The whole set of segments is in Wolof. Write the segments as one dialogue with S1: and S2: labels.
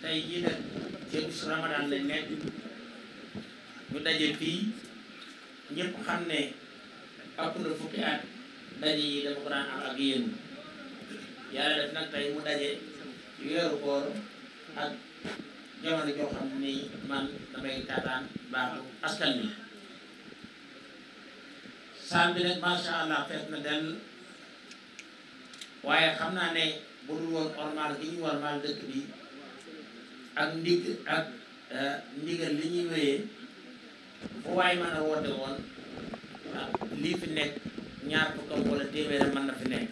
S1: tey jii nag ci bis Ramadan nekk ñu daje fii ñëpp xam ne ëpp na fukki at daje yi dama ko daan ak yéen yàlla def nag tey mu daje ci weeru koor ak jamono joo xam ni man damay taataan baaxu askan wi saal bi nag macha allah fees na dell waaye xam naa ne bu dul woon ormal gi ñu warmal dëkk bi ak ndig ak eh, ndigal li ñuy wéyee fu waay mën a woote woon ah, lii fi nekk ñaar fukkam wala téeméer mën na fi nekk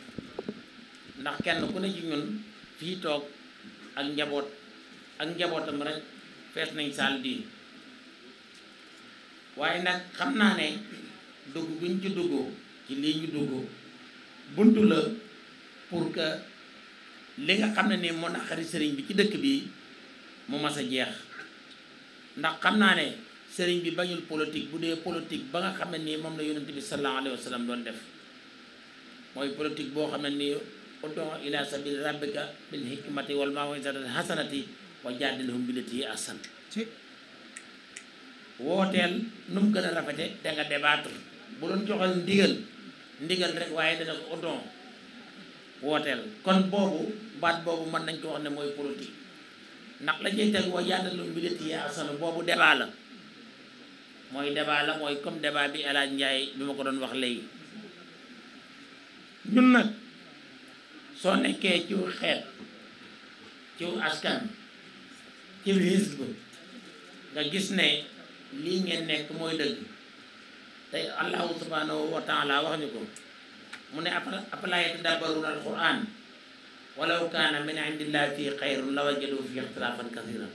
S1: ndax kenn ku ne ci ñun fii toog ak njaboot ak njabootam rek fees nañ saal bii waaye nag xam naa ne dugg bu ñu ci duggoo ci lii ñu duggoo buntu la pour que li nga xam ne ni moo naqari sëriñ bi ci dëkk bi mu mas a jeex ndax xam naa ne sëriñ bi bañul politique bu dee politique ba nga xam ne nii moom la yonent bi sallallahu alayhi wa doon def mooy politique boo xam ne nii ud'u ila sabili rabbika bil hikmati sa maw'izatil hasanati wa jaadilhum billatii hiya ahsan wooteel nu mu gën a rafete da nga débattre bu doon joxal ndigal ndigal rek waaye dana ud'u wooteel kon boobu baat boobu mën nañ ko wax ne mooy politique ndax la cay teg mooy yaataluñ bi lëtt yi asanu boobu débat la mooy débat la mooy comme débat bi El Hadj Ndiaye bi ma ko doon wax léegi ñun nag soo nekkee ci xeet ci askan ci hizb nga gis ne lii ngeen nekk mooy dëgg tey allahu subhanahu wa taala wax ñu ko mu ne apalaayat dabaru al quran walaw kaana min indillahi fii xayrun la wajadu fii ixtilaafan kasiran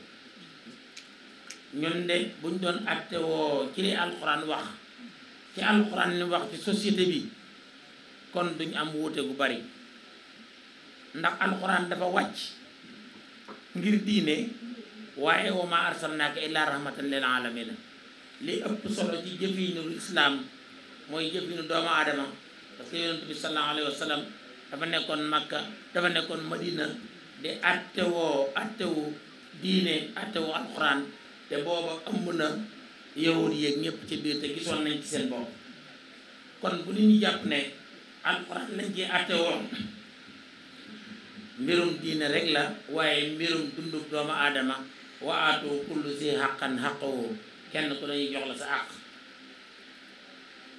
S1: ñun de buñ doon acte woo ci li alxuraan wax ci alxuraan li wax ci société bi kon duñ am wuute gu bari ndax alxuraan dafa wàcc ngir diine waaye wa maa arsalnaaka illaa rahmatan lil aalamiina li ëpp solo ci jëfiinu islaam mooy jëfiinu doomu aadama parce que bi sallallahu alayhi wa dafa nekkoon Makka dafa nekkoon Madina di attewoo attewu diine attewu alxuraan te booba ëmb na yahud yeeg ñëpp ci biir te gisoon nañ ci seen bopp kon bu ñu jàpp ne alxuraan lañ ci attewoo mbirum diine rek la waaye mbirum dundu doomu aadama wa aatu kullu si xaqan xaqahu kenn ku dañuy jox la sa àq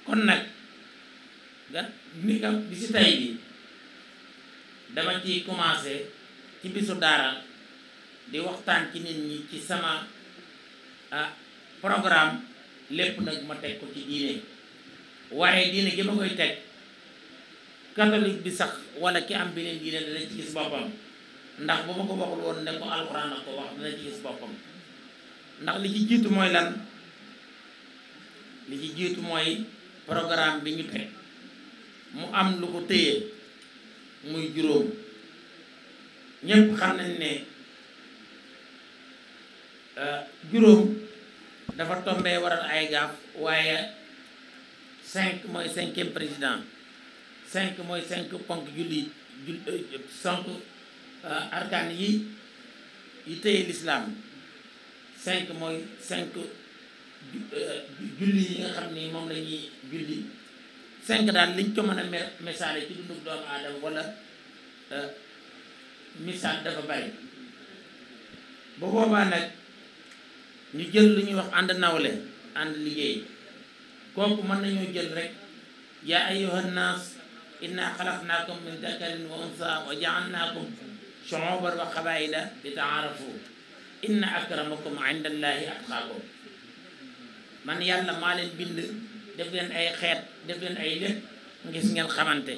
S1: kon nag ga ni bi si tay bi dama ci commencé ci bisu daara di waxtaan ci nit ñi ci sama ah, programme lépp nag ma teg ko ci diine waaye diine gi ma koy teg catholique bi sax wala ki am beneen diine dana ci gis boppam ndax bu ma ko waxul woon ne ko alxuraan na ko wax dana ci gis boppam ndax li ci jiitu mooy lan li ci jiitu mooy programme bi ñu teg mu am lu ko téye muy juróom ñépp xam nañ ne euh, juróom dafa tombee waral ay gaaf waaye cinq mooy cinquième président cinq mooy cinq ponk julli cinq euh, euh, arkaan yi yi téye lislaam cinq mooy cinq julli yi nga xam ni moom lañuy julli cinq daal liñ ko mën a misaale ci dundu doomu aadama wala euh, misaal dafa bari bu boobaa nag ñu jël lu ñuy wax ànd nawle ànd liggéey kooku mën nañoo jël rek yaa ayyuhan naas inna xalaqnaakum min dakarin wa unsa wa jaalnaakum shuuban wa qabaa'ila li ta'aarafu inna akramakum inda man yàlla maa leen bind def leen ay xeet def leen ay lépp ngis ngeen xamante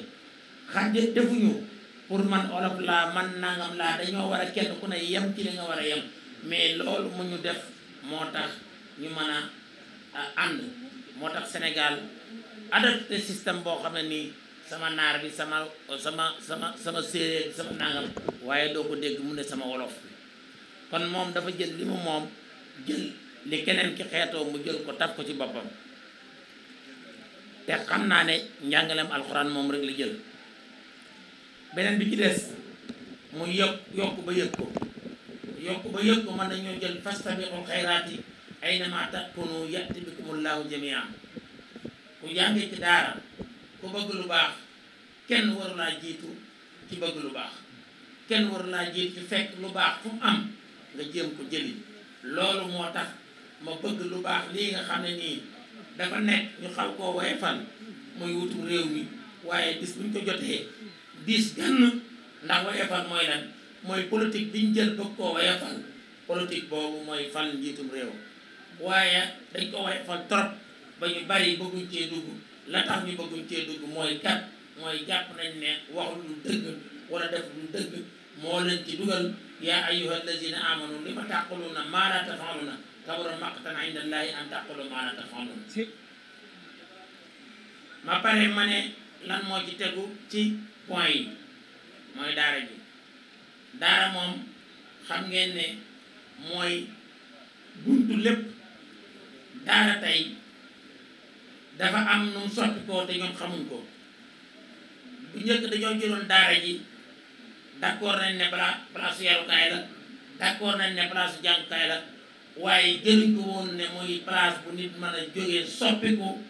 S1: xaje defuñu pour man olof laa man nangam laa dañoo war a kenn ku ne yam ci li nga war a yem mais loolu mu ñu def moo tax ñu mën a ànd moo tax Sénégal adopté système boo xam ne nii sama naar bi sama sama sama sama séeréer sama nangam waaye doo ko dégg mu ne sama wolof kon moom dafa jël li mu moom jël li keneen ki xeetoo mu jël ko taf ko ci boppam te xam naa ne njàngaleem alxuraan moom rek la jël beneen bi ci des mu yokk yokk ba yëg ko yokk ba yëg ko mën nañoo jël fastabiqul xayraati aynama takunu yati bikumullahu jamian ku jànge ci daara ku bëgg lu baax kenn waru laa jiitu ci bëgg lu baax kenn waru laa jiitu ci fekk lu baax fu mu am nga jéem ko jëli loolu moo tax ma bëgg lu baax lii nga xam ne nii dafa nekk ñu xam koo waaye fan mooy wutum réew mi waaye bis buñ ko jotee bis gànn ndax waaye fan mooy lan mooy politique biñ jël bëgg koo waaye fan politique boobu mooy fan njiitum réew waaye dañ ko waaye fan trop ba ñu bari bëgguñ cee dugg la tax ñu bëgguñ cee dugg mooy kat mooy jàpp nañ ne waxul lu dëgg wala def lu dëgg moo leen ci dugal yaa ayyuha allazina amanu li ma taquluna maa la tafaluna kabura maqtan inda Allahi an taqulu ma la pare ma ne lan moo ci tegu ci point yi mooy daara ji daara moom xam ngeen ne mooy buntu lépp daara tey dafa am nu mu sotti ko te ñoom xamuñ ko bu njëkk dañoo jëloon daara ji d'accord nañ ne balaa place yarukaay la d'accord nañ ne place jàngukaay la waaye jëriñ ko woon ne muy place bu nit mën a jógee soppiku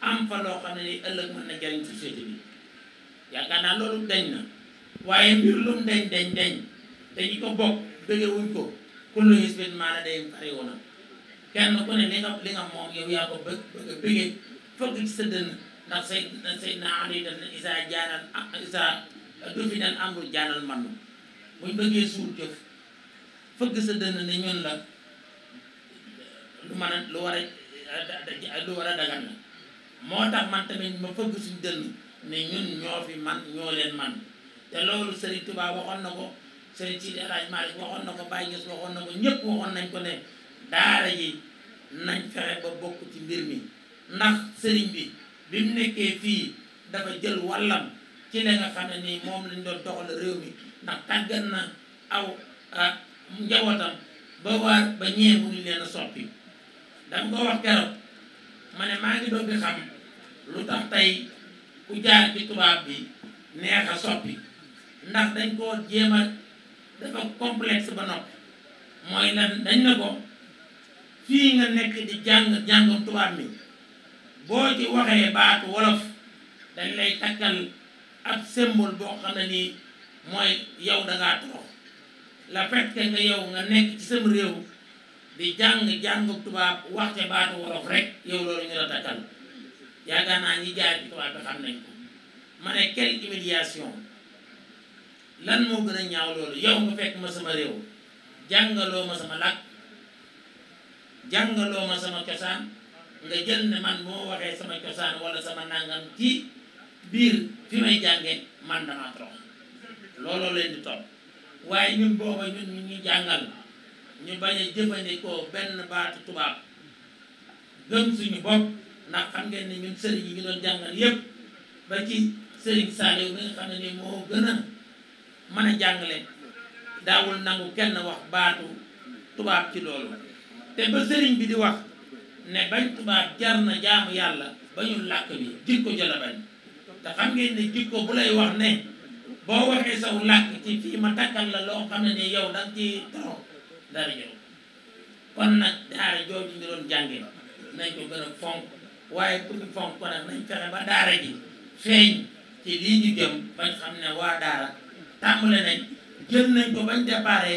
S1: am fa xam ne ni ëllëg mën na jëriñ société bi yaakaar naa loolu dañ na waaye mbir lum dañ dañ dañ te ñi ko bokk dëggewuñ ko kullu hisbin maa ladayhim farihun kenn ku ne li nga moom yaa ko bëggee fëgg sa dënn ndax say Seydina Ali daf ne isaa jaanal isa du fi dan amru jaanal man buñ bëggee suul jëf fëgg sa dënn ne ñun la lu mën a lu war a a dagan la moo tax man tamit ma fëgg si dënn ne ñun ñoo fi man ñoo leen man te loolu Serigne Touba waxoon na ko Serigne Sidi El Hadj Malick waxoon na ko Baye Niass na ko ñëpp waxoon nañ ko ne daara yi nañ fexe ba bokk ci mbir mi ndax sëriñ bi bi mu nekkee fii dafa jël wàllam ci la nga xam ne nii moom lañ doon doxal réew mi ndax tàggat na aw ah, njabootam ba waar ba ñee ngi leen a soppi danga ko wax keroog ma ne maa ngi doog a xam lu tax tey ku jaar ci tubaab bi neex a soppi ndax dañ koo jéem a dafa complexe ba noppi mooy lan dañ na ko fii nga nekk di jàng jàngam tubaab mi boo ci waxee baatu wolof dañ lay takkal ab symbole boo xam ne nii mooy yow dangaa torox la fekk nga yow nga nekk ci sam réew di jàng-jàng tubaab waxte baatu wolof rek yow loolu ñu la takkal yaakaar naa ñi jaar ci tubaab bi xam nañ ko ma ne lan moo gën a ñaaw loolu yow nga fekk ma sama réew jàngalooma sama làkk jàngalooma sama cosaan nga jël ne man moo waxee sama cosaan wala sama nangam ci biir fi may jànge man damaa trop looloo leen di topp waaye ñun booba ñun ñu jàngal ñu bañ a jëfandikoo benn baatu tubaab gëm suñu bopp ndax xam ngeen ne ñun sëriñ yi ñu doon jàngal yépp ba ci sëriñ Saliou bi nga xam ne ni moo gën a mën a jàngale daawul nangu kenn wax baatu tubaab ci loolu te ba sëriñ bi di wax ne bañ tubaab jar na jaamu yàlla ba ñu làkk bi jikko jëla bañ te xam ngeen ne jikko bu lay wax ne boo waxee saw làkk ci fii ma takkal la loo xam ne ni yow danga ci toro dara jaru kon nag daara jooju ñu doon jànge nañ ko gën a fonk waaye pour ñu fonk ko nag nañ fexe ba daara ji feeñ ci lii ñu bañ xam ne waa daara tàmbale nañ jël nañ ko bañ déparé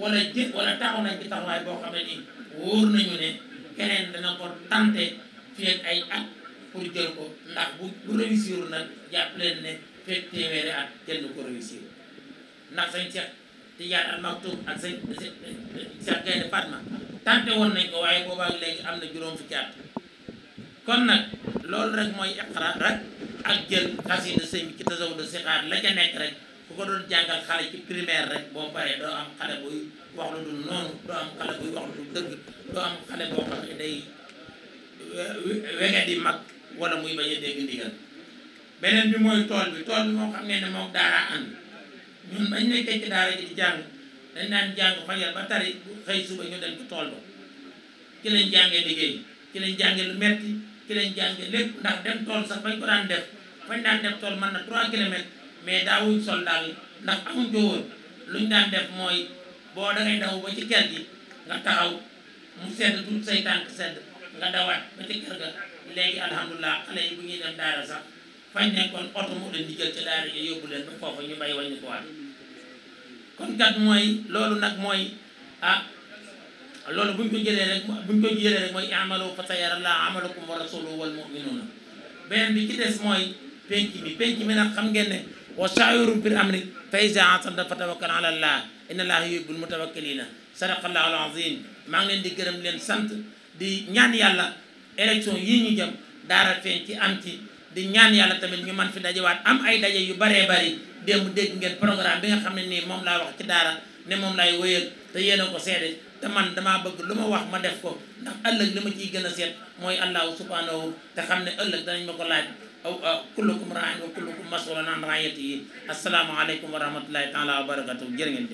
S1: wala jë wala taxaw nañ ci taxawaay boo xam ne nii wóor nañu ne keneen dana ko tante fii ay at pour jël ko ndax bu bu réussir nag jàpp leen ne fekk téeméeri at jël na ko réussir ndax sañ seet Tijaan al Maktoum ak sëñ Cheikh Gaynde Fatma tànte woon nañ ko waaye boobaag léegi am na juróom fukki at kon nag loolu rek mooy iqra rek ak jël xasida sëñ bi ci tasawud sixaar la ca nekk rek ku ko doon jàngal xale ci primaire rek boo paree doo am xale buy wax lu dul noonu doo am xale buy wax lu dul dëgg doo am xale boo xam ne day wege di mag wala muy bañ a dégg ndigal beneen bi mooy tool bi tool bi moo xam ne ne moom daaraa ànd ñun dañ lay tekki daara jàng dañ naan jàng fajar ba tari bu xëy suba ñu dem ko tool ba lañ jàngee liggéey ci lañ jàngee lu metti ci lañ jàngee lépp ndax dem tool sax bañ ko daan def fañ daan def tool man na 3 kilomètres mais daawuñ sol daal ndax amuñ ko woon luñ daan def mooy boo dangay daw ba ci kër gi nga taxaw mu sedd du say tànk sedd nga dawaat ba ci kër ga léegi alhamdulilah xale yi bu ñuy dem daara sax fañ nekkoon oto moo leen di jël ci daara yi yóbbu leen ba ñu bay wàññi ko waat kon kat mooy loolu nag mooy a ah, loolu buñ ko jëlee rek buñ ko jëlee rek mooy amalu fa sayara laa amalakum wa rasuluhu wal muminuuna beneen bi ci des mooy penc bi penc bi nag xam ngeen ne wa shaawirum fil amri fa izaa azamta fa tawakkal ala allah inna allaha yuhibbul mutawakkilina sadaqallahu al-azim maa ngi leen di gërëm leen sant di ñaan yàlla élection yii ñu jëm daara feeñ am ci di ñaan yàlla tamit ñu man fi dajewaat am ay daje yu baree bari démb dégg ngeen programme bi nga xam ne nii moom laa wax ci daara ne moom laay wéyal te yéena ko seede te man damaa bëgg lu ma wax ma def ko ndax ëllëg li ma ciy gën a seet mooy allahu subhanahu te xam ne ëllëg danañ ma ko laaj kullukum raain wa kullukum masulan an raayati yi asalaamaaleykum wa rahmatullahi taala wa barakatuh jërë ngeen